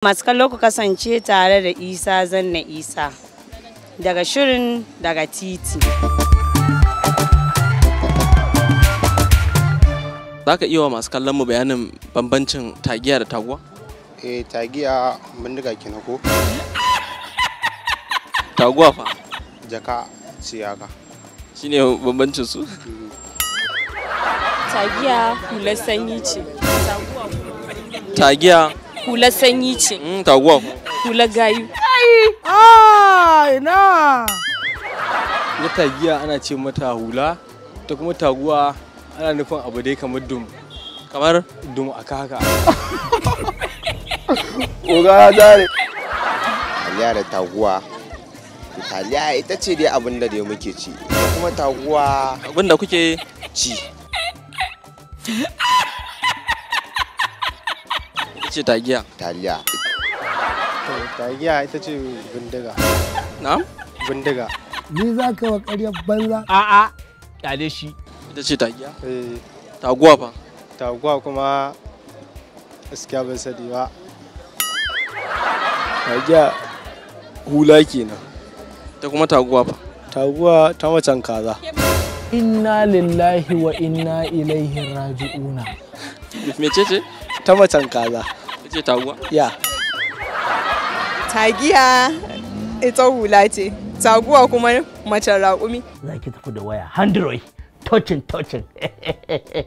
masu kallo ku kasance tare da isa zanna isa daga shirin daga titi za ka iya wa masu kallon mu bayanin bambancin tagiya da taguwa? eh tagiya bindiga kina ko taguwa fa jaka siyaka shine bambancin su tagiya hular sanyi ce tagiya hular sanyi ce mm, taguwa hular gayu ai ah, ina wata giya ana ce mata hula ta kuma taguwa ana nufin abu dai kamar dum kamar dum aka haka oga ya dare taliya da taguwa taliya ita ce dai abin da dai muke ci kuma taguwa abin da kuke ci ce tagiya? Taliya. Tagiya ita ce bindiga. Na'am? Bindiga. Ni za ka wa ƙaryar banza? A'a, ƙyale shi. Ita ce tagiya? Eh. Taguwa fa? Taguwa kuma gaskiya ban sani ba. Tagiya hula kenan. Ta kuma taguwa fa? Taguwa ta wacan kaza. Inna lillahi wa inna ilaihi raji'una. Mecece? Ta macen kaza. ce taguwa tagiya ita hula ce taguwa kuma macen raƙumi za ki tafi da waya handroid touching touching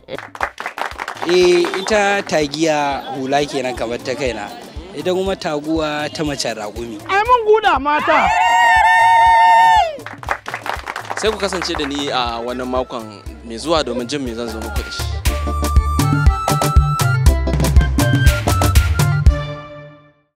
e ita tagiya hula kenan kamar ta kaina ita kuma taguwa ta macen raƙumi ai mun guda mata sai ku kasance da ni a wannan makon mai zuwa domin jin me zan zo muku da shi